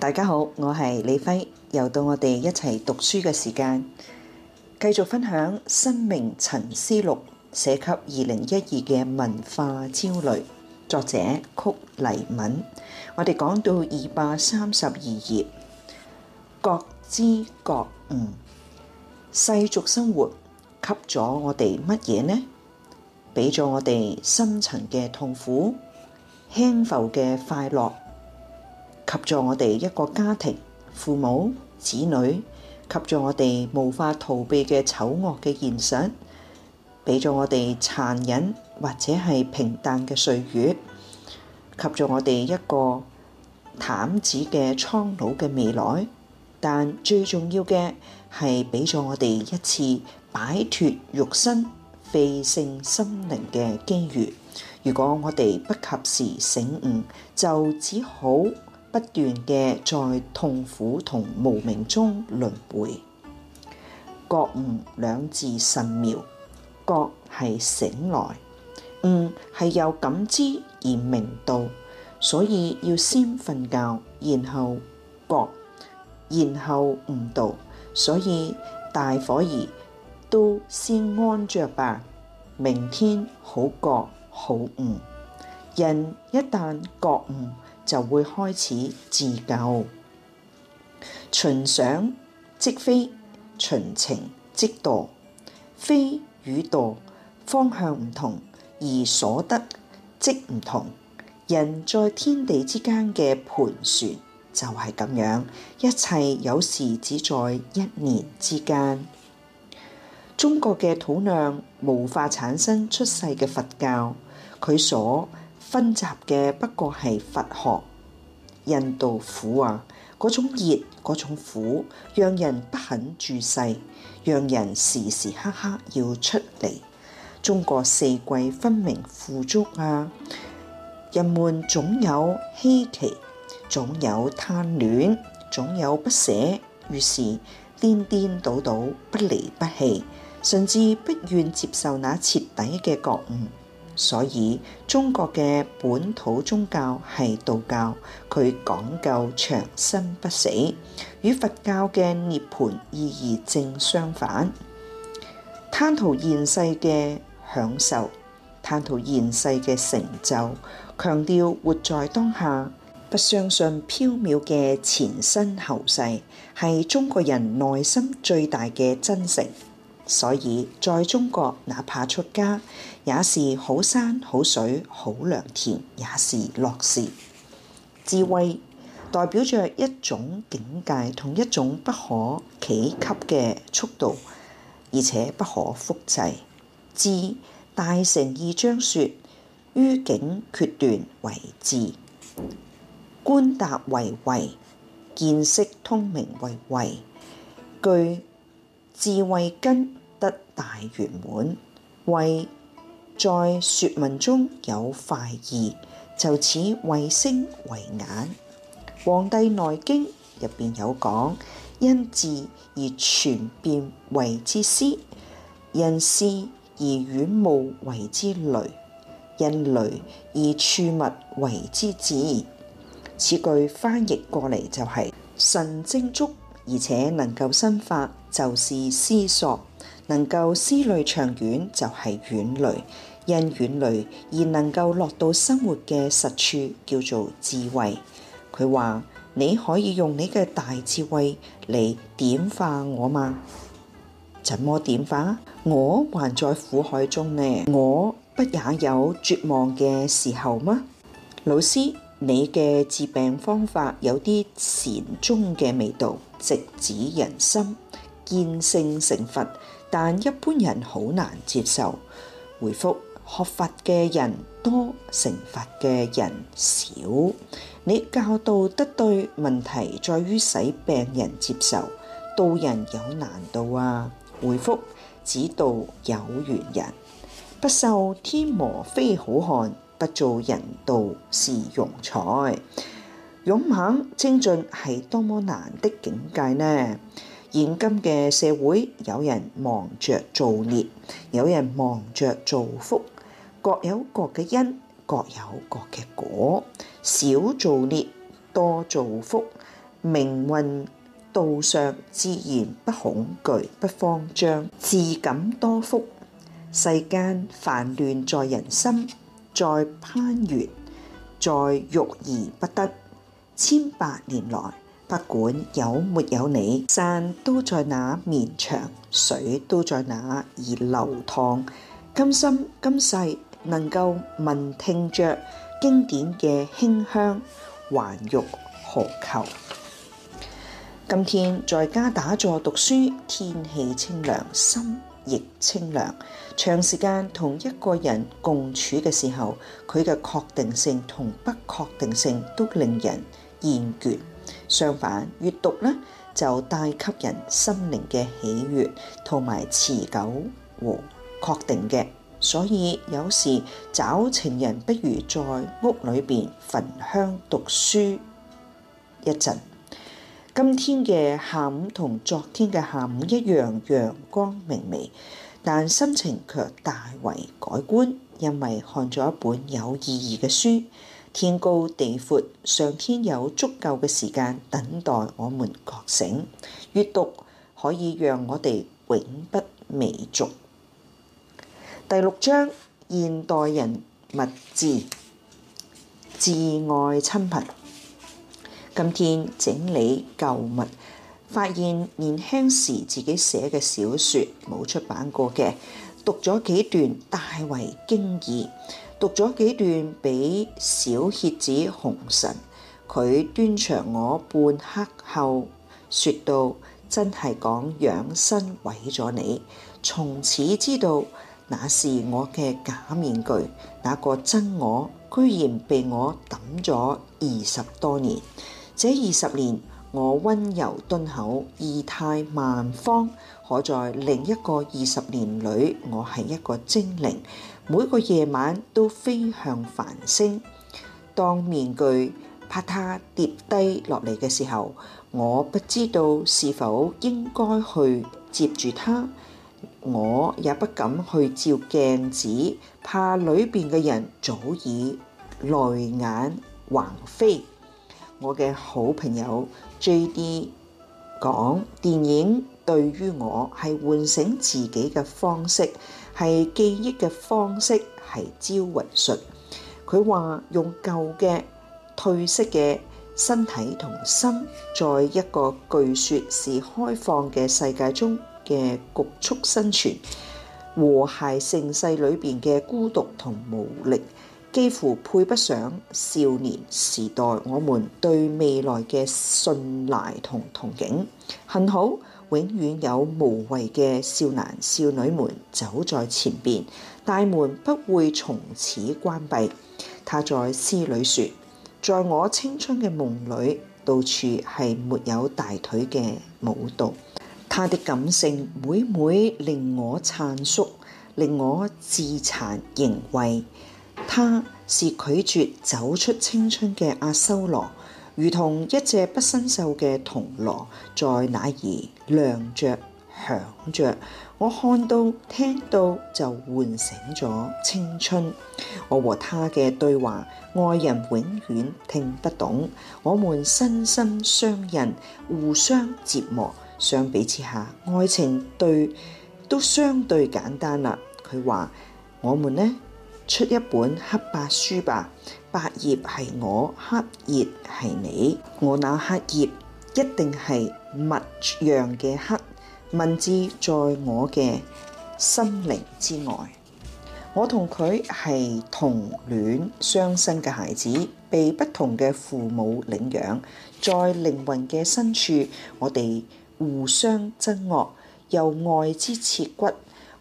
大家好，我係李輝，又到我哋一齊讀書嘅時間，繼續分享《生命沉思錄》寫給二零一二嘅文化焦慮，作者曲黎敏。我哋講到二百三十二頁，各知各悟，世俗生活，給咗我哋乜嘢呢？俾咗我哋深層嘅痛苦，輕浮嘅快樂。俾咗我哋一個家庭，父母、子女，俾咗我哋無法逃避嘅醜惡嘅現實，俾咗我哋殘忍或者係平淡嘅歲月，俾咗我哋一個淡子嘅蒼老嘅未來。但最重要嘅係俾咗我哋一次擺脫肉身、廢性、心靈嘅機遇。如果我哋不及時醒悟，就只好。不斷嘅在痛苦同無明中輪迴，覺悟兩字神妙。覺係醒來，悟係有感知而明道。所以要先瞓覺，然後覺，然後悟道。所以大伙兒都先安着吧，明天好覺好悟。人一旦覺悟，就會開始自救，尋想即非尋情即度，非與度方向唔同，而所得即唔同。人在天地之間嘅盤旋就係咁樣，一切有時只在一念之間。中國嘅土量無法產生出世嘅佛教，佢所。分集嘅不過係佛學，印度苦啊，嗰種熱，嗰種苦，讓人不肯住世，讓人時時刻刻要出嚟。中國四季分明富足啊，人們總有希冀，總有貪戀，總有不捨，於是顛顛倒倒不離不棄，甚至不願接受那徹底嘅覺悟。所以，中國嘅本土宗教係道教，佢講究長生不死，與佛教嘅涅槃意義正相反，貪圖現世嘅享受，貪圖現世嘅成就，強調活在當下，不相信飄渺嘅前生後世，係中國人內心最大嘅真誠。所以，在中國，哪怕出家，也是好山、好水、好良田，也是樂事。智慧代表著一種境界同一種不可企及嘅速度，而且不可複製。智大乘義章說：於境決斷為智，觀達為慧，見識通明為慧。據智慧根。得大圓滿，慧在說文中有快意，就似慧聲為眼，《黃帝內經》入邊有講，因志而存變謂之思，因思而遠慕謂之慮，因慮而處物謂之智。此句翻譯過嚟就係神精足，而且能夠生發，就是思索。能夠思慮長遠就係遠慮，因遠慮而能夠落到生活嘅實處，叫做智慧。佢話：你可以用你嘅大智慧嚟點化我嗎？怎麼點化？我還在苦海中呢，我不也有絕望嘅時候嗎？老師，你嘅治病方法有啲禪宗嘅味道，直指人心。見性成佛，但一般人好難接受。回覆學佛嘅人多，成佛嘅人少。你教導得對，問題在於使病人接受。度人有難度啊！回覆只度有緣人，不受天磨非好漢，不做人道是庸才。勇猛精進係多麼難的境界呢？現今嘅社會，有人忙着造孽，有人忙着造福，各有各嘅因，各有各嘅果。少造孽，多造福，命運道上自然不恐懼，不慌張，自感多福。世間煩亂在人心，在攀緣，在欲而不得，千百年來。不管有沒有你，山都在那綿長，水都在那兒流淌。今生今世能夠聞聽著經典嘅馨香，還欲何求？今天在家打坐讀書，天氣清涼，心亦清涼。長時間同一個人共處嘅時候，佢嘅確定性同不確定性都令人厭倦。相反，閱讀咧就帶給人心靈嘅喜悦同埋持久和確定嘅，所以有時找情人不如在屋裏邊焚香讀書一陣。今天嘅下午同昨天嘅下午一樣陽光明媚，但心情卻大為改觀，因為看咗一本有意義嘅書。天高地闊，上天有足夠嘅時間等待我們覺醒。閱讀可以讓我哋永不媚俗。第六章：現代人物志：至愛親朋。今天整理舊物，發現年輕時自己寫嘅小説冇出版過嘅，讀咗幾段，大為驚異。讀咗幾段俾小蠍子紅塵，佢端詳我半刻後，説道：真係講養生毀咗你。從此知道，那是我嘅假面具，那個真我居然被我揼咗二十多年。這二十年，我温柔敦厚，儀態萬方；可在另一個二十年裏，我係一個精靈。每個夜晚都飛向繁星。當面具怕它跌低落嚟嘅時候，我不知道是否應該去接住它。我也不敢去照鏡子，怕裏邊嘅人早已淚眼橫飛。我嘅好朋友 J.D. 講：電影對於我係喚醒自己嘅方式。係記憶嘅方式，係招魂術。佢話，用舊嘅褪色嘅身體同心，在一個據説是開放嘅世界中嘅局促生存，和諧盛世裏邊嘅孤獨同無力，幾乎配不上少年時代我們對未來嘅信賴同憧憬。幸好。永遠有無畏嘅少男少女們走在前邊，大門不會從此關閉。他在詩裏說：在我青春嘅夢裏，到處係沒有大腿嘅舞蹈。他的感性每每令我顫慄，令我自慚形穢。他是拒絕走出青春嘅阿修羅。如同一隻不生鏽嘅銅鑼，在那兒亮着、響着。我看到聽到就喚醒咗青春。我和他嘅對話，愛人永遠聽不懂。我們身心相印，互相折磨。相比之下，愛情對都相對簡單啦。佢話：我們呢，出一本黑白書吧。白葉係我，黑葉係你。我那黑葉一定係物樣嘅黑，文字在我嘅心靈之外。我同佢係同卵雙生嘅孩子，被不同嘅父母領養。在靈魂嘅深處，我哋互相憎惡，又愛之切骨。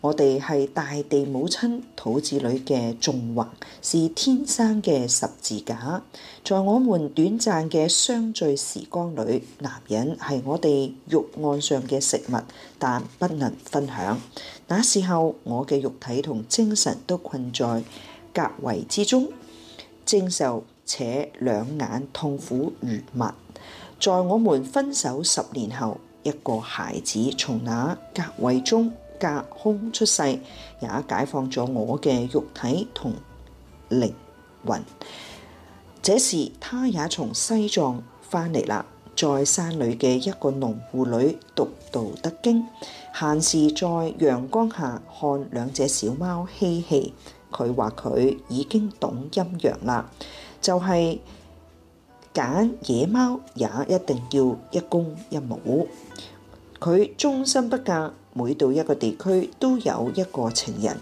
我哋係大地母親肚子裏嘅縱橫，是天生嘅十字架。在我們短暫嘅相聚時光裏，男人係我哋肉案上嘅食物，但不能分享。那時候，我嘅肉體同精神都困在隔圍之中，正受且兩眼痛苦如蜜。在我們分手十年後，一個孩子從那隔圍中，架空出世，也解放咗我嘅肉體同靈魂。這時，他也從西藏翻嚟啦，在山裏嘅一個農戶裏讀《道德經》，閒時在陽光下看兩隻小貓嬉戲。佢話佢已經懂陰陽啦，就係、是、揀野貓也一定要一公一母。佢終身不嫁。每到一個地區，都有一個情人，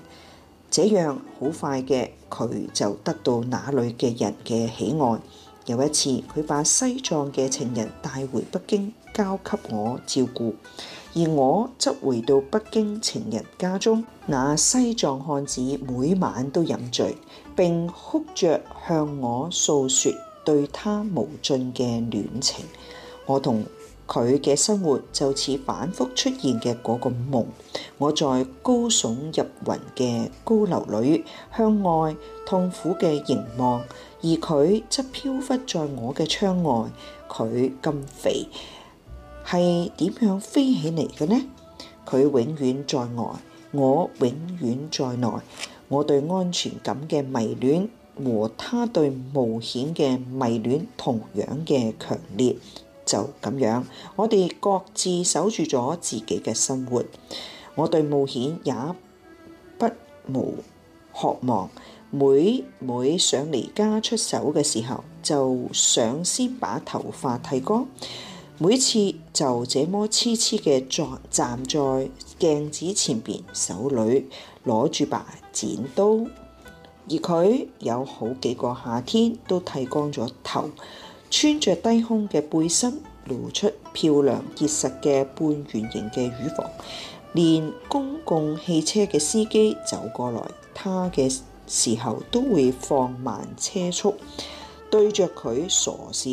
這樣好快嘅，佢就得到那裏嘅人嘅喜愛。有一次，佢把西藏嘅情人帶回北京，交給我照顧，而我則回到北京情人家中。那西藏漢子每晚都飲醉，並哭着向我訴說對他無盡嘅戀情。我同佢嘅生活就似反覆出現嘅嗰個夢。我在高聳入雲嘅高樓裏向外痛苦嘅凝望，而佢則飄忽在我嘅窗外。佢咁肥，係點樣飛起嚟嘅呢？佢永遠在外，我永遠在內。我對安全感嘅迷戀和他對冒險嘅迷戀同樣嘅強烈。就咁樣，我哋各自守住咗自己嘅生活。我對冒險也不無渴望。每每想離家出手嘅時候，就想先把頭髮剃光。每次就這麼痴痴嘅站在鏡子前邊，手裏攞住把剪刀。而佢有好幾個夏天都剃光咗頭。穿着低胸嘅背心，露出漂亮結實嘅半圓形嘅乳房。連公共汽車嘅司機走過來，他嘅時候都會放慢車速，對着佢傻笑。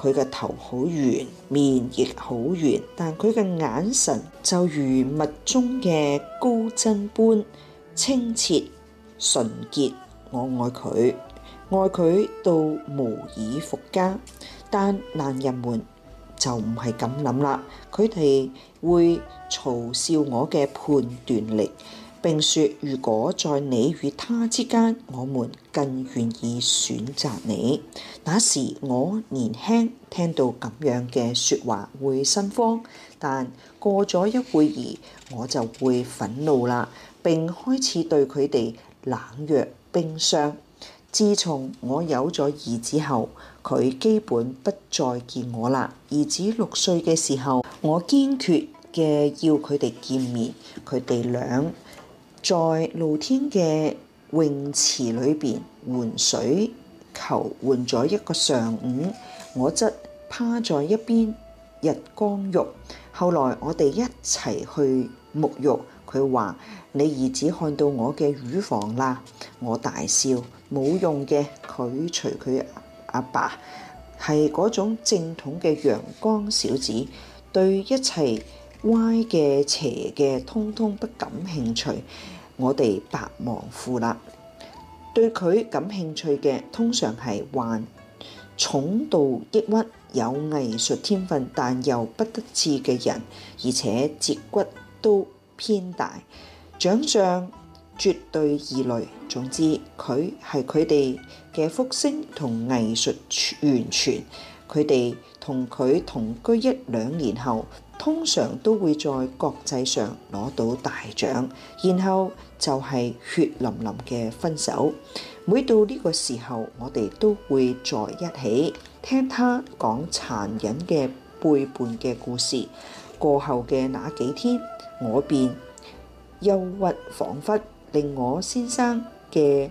佢嘅頭好圓，面亦好圓，但佢嘅眼神就如墨中嘅高僧般清澈純潔。我愛佢。愛佢到無以復加，但男人們就唔係咁諗啦。佢哋會嘲笑我嘅判斷力，並說：如果在你與他之間，我們更願意選擇你。那時我年輕，聽到咁樣嘅説話會心慌，但過咗一會兒，我就會憤怒啦，並開始對佢哋冷若冰霜。自從我有咗兒子後，佢基本不再見我啦。兒子六歲嘅時候，我堅決嘅要佢哋見面，佢哋兩在露天嘅泳池裏邊玩水球玩咗一個上午，我則趴在一邊日光浴。後來我哋一齊去沐浴。佢話：你兒子看到我嘅乳房啦，我大笑，冇用嘅。佢除佢阿爸係嗰種正統嘅陽光小子，對一切歪嘅邪嘅，通通不感興趣。我哋白忙乎啦。對佢感興趣嘅，通常係患重度抑鬱、有藝術天分但又不得志嘅人，而且節骨都偏大，長相絕對異類。總之佢係佢哋嘅福星同藝術源泉。佢哋同佢同居一兩年後，通常都會在國際上攞到大獎，然後就係血淋淋嘅分手。每到呢個時候，我哋都會再一起聽他講殘忍嘅背叛嘅故事。過後嘅那幾天，我便憂鬱彷彿令我先生嘅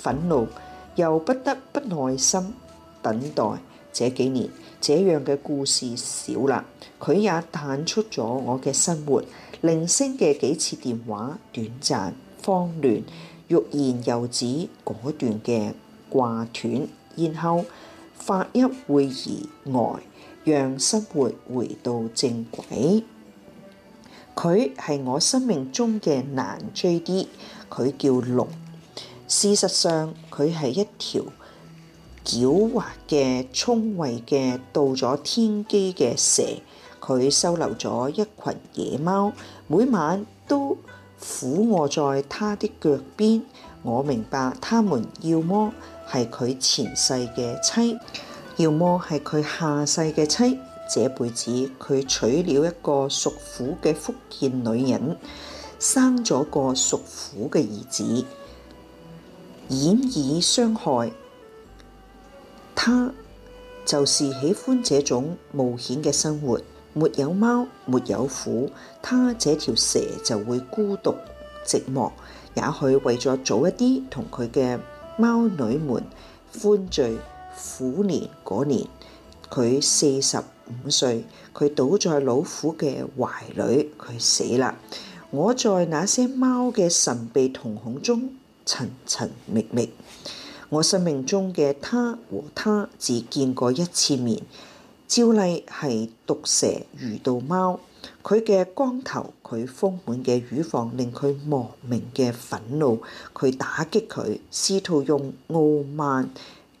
憤怒，又不得不耐心等待。這幾年，這樣嘅故事少啦，佢也淡出咗我嘅生活。零星嘅幾次電話，短暫、慌亂，欲言又止，果斷嘅掛斷，然後發一會兒呆。讓生活回到正軌。佢係我生命中嘅難追啲。佢叫龍。事實上，佢係一條狡猾嘅聰慧嘅到咗天機嘅蛇。佢收留咗一群野貓，每晚都俯卧喺佢嘅腳邊。我明白，佢哋要麼係佢前世嘅妻。要麼係佢下世嘅妻。這輩子佢娶了一個屬虎嘅福建女人，生咗個屬虎嘅兒子，險以傷害。他就是喜歡這種冒險嘅生活，沒有貓，沒有虎，他這條蛇就會孤獨寂寞、寂寞。也許為咗早一啲同佢嘅貓女們歡聚。虎年嗰年，佢四十五歲，佢倒在老虎嘅懷裡，佢死啦。我在那些貓嘅神秘瞳孔中尋尋覓覓，我生命中嘅他和他只見過一次面。照例係毒蛇遇到貓，佢嘅光頭，佢豐滿嘅乳房令佢莫名嘅憤怒，佢打擊佢，試圖用傲慢。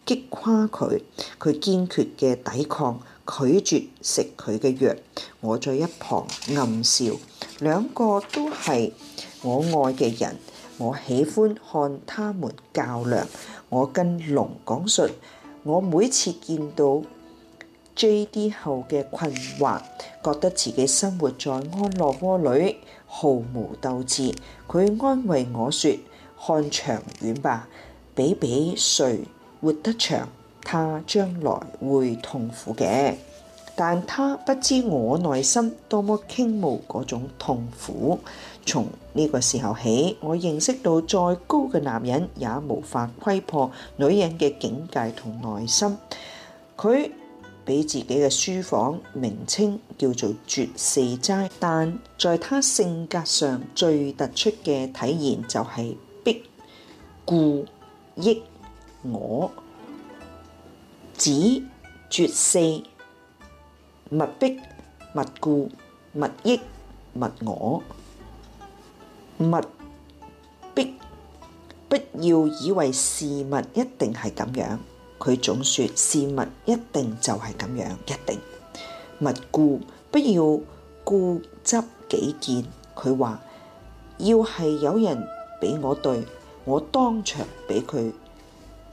擊垮佢，佢堅決嘅抵抗，拒絕食佢嘅藥。我在一旁暗笑，兩個都係我愛嘅人，我喜歡看他們較量。我跟龍講述，我每次見到 J.D. 後嘅困惑，覺得自己生活在安樂窩裏，毫無鬥志。佢安慰我說：看長遠吧，比比誰活得長，他將來會痛苦嘅，但他不知我內心多麼傾慕嗰種痛苦。從呢個時候起，我認識到再高嘅男人也無法窺破女人嘅境界同內心。佢俾自己嘅書房名稱叫做絕四齋，但在他性格上最突出嘅體現就係必固益。我指絕四，勿逼勿顧勿益勿我。勿逼，不要以為事物一定係咁樣。佢總説事物一定就係咁樣，一定。勿顧，不要固執己見。佢話要係有人俾我對，我當場俾佢。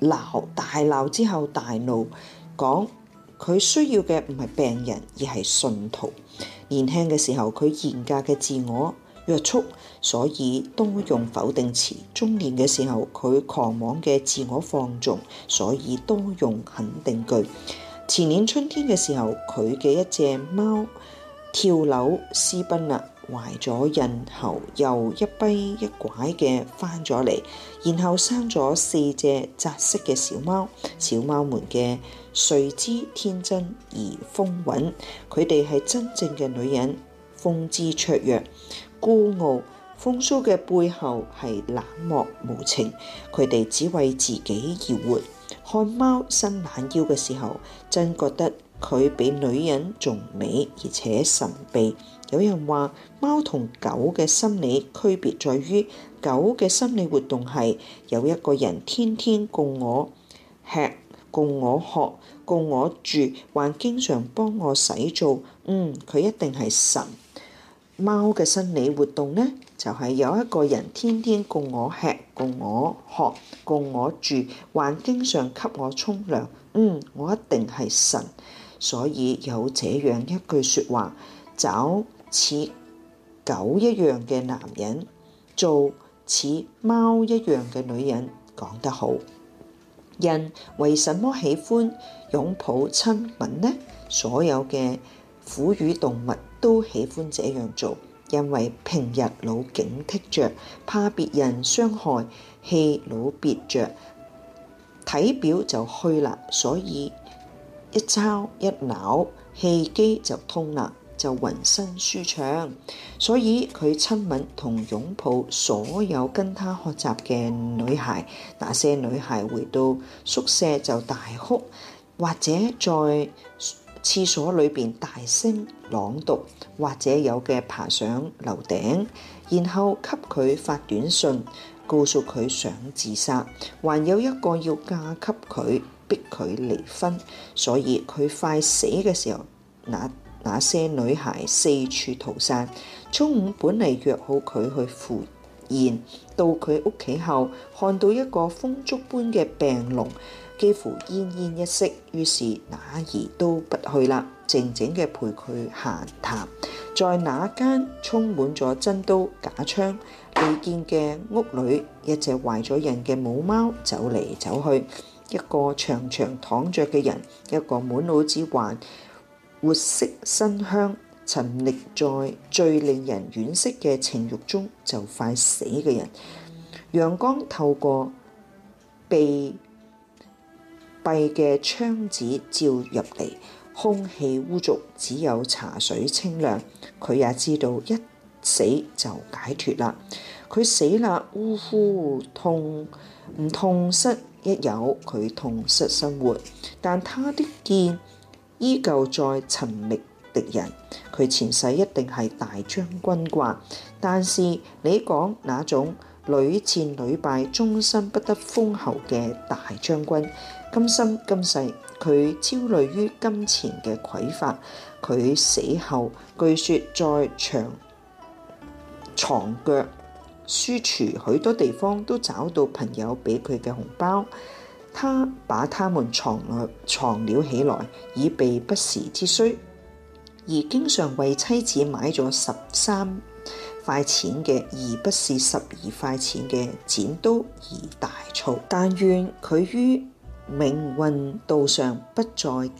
鬧大鬧之後大怒，講佢需要嘅唔係病人，而係信徒。年輕嘅時候，佢嚴格嘅自我約束，所以多用否定詞；中年嘅時候，佢狂妄嘅自我放縱，所以多用肯定句。前年春天嘅時候，佢嘅一隻貓跳樓私奔啦。懷咗孕後，又一跛一拐嘅翻咗嚟，然後生咗四隻雜色嘅小貓。小貓們嘅睡姿天真而風韻，佢哋係真正嘅女人，風姿綽約、孤傲。風騷嘅背後係冷漠無情，佢哋只為自己而活。看貓伸懶腰嘅時候，真覺得佢比女人仲美，而且神秘。有人話貓同狗嘅心理區別在於狗嘅心理活動係有一個人天天供我吃、供我喝、供我住，還經常幫我洗澡。嗯，佢一定係神。貓嘅心理活動呢，就係、是、有一個人天天供我吃、供我喝、供我住，還經常給我沖涼。嗯，我一定係神。所以有這樣一句説話，找。似狗一樣嘅男人做似貓一樣嘅女人，講得好。人為什麼喜歡擁抱親吻呢？所有嘅哺乳動物都喜歡這樣做，因為平日老警惕着，怕別人傷害，氣老憋着，體表就虛啦，所以一抄一咬，氣機就通啦。就渾身舒暢，所以佢親吻同擁抱所有跟他學習嘅女孩。那些女孩回到宿舍就大哭，或者在廁所裏邊大聲朗讀，或者有嘅爬上樓頂，然後給佢發短信，告訴佢想自殺。還有一個要嫁給佢，逼佢離婚。所以佢快死嘅時候，那那些女孩四處逃散。中午本嚟約好佢去赴宴，到佢屋企後，看到一個風燭般嘅病龍，幾乎奄奄一息。於是哪兒都不去啦，靜靜嘅陪佢閒談，在那間充滿咗真刀假槍，未見嘅屋裏，一隻壞咗人嘅母貓走嚟走去，一個長長躺着嘅人，一個滿腦子患。活色生香，沉溺在最令人惋惜嘅情欲中就快死嘅人。陽光透過密閉嘅窗子照入嚟，空氣污濁，只有茶水清涼。佢也知道一死就解脫啦。佢死啦，嗚呼痛唔痛失一有佢痛失生活，但他的見。依舊在尋覓敵人，佢前世一定係大將軍啩。但是你講那種屢戰屢敗終身不得封侯嘅大將軍，今生今世佢焦慮於金錢嘅匱乏，佢死後據說在長床腳書廚許多地方都找到朋友俾佢嘅紅包。他把他們藏來藏了起來，以備不時之需，而經常為妻子買咗十三塊錢嘅，而不是十二塊錢嘅剪刀而大吵。但願佢於命運道上不再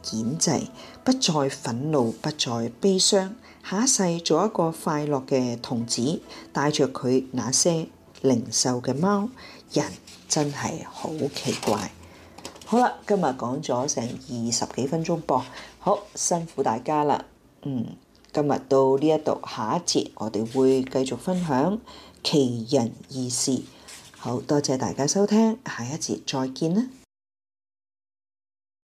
憤憤，不再憤怒，不再悲傷，下一世做一個快樂嘅童子，帶着佢那些靈秀嘅貓，人真係好奇怪。好啦，今日講咗成二十幾分鐘噃，好辛苦大家啦。嗯，今日到呢一度，下一節我哋會繼續分享奇人異事。好多謝大家收聽，下一節再見啦。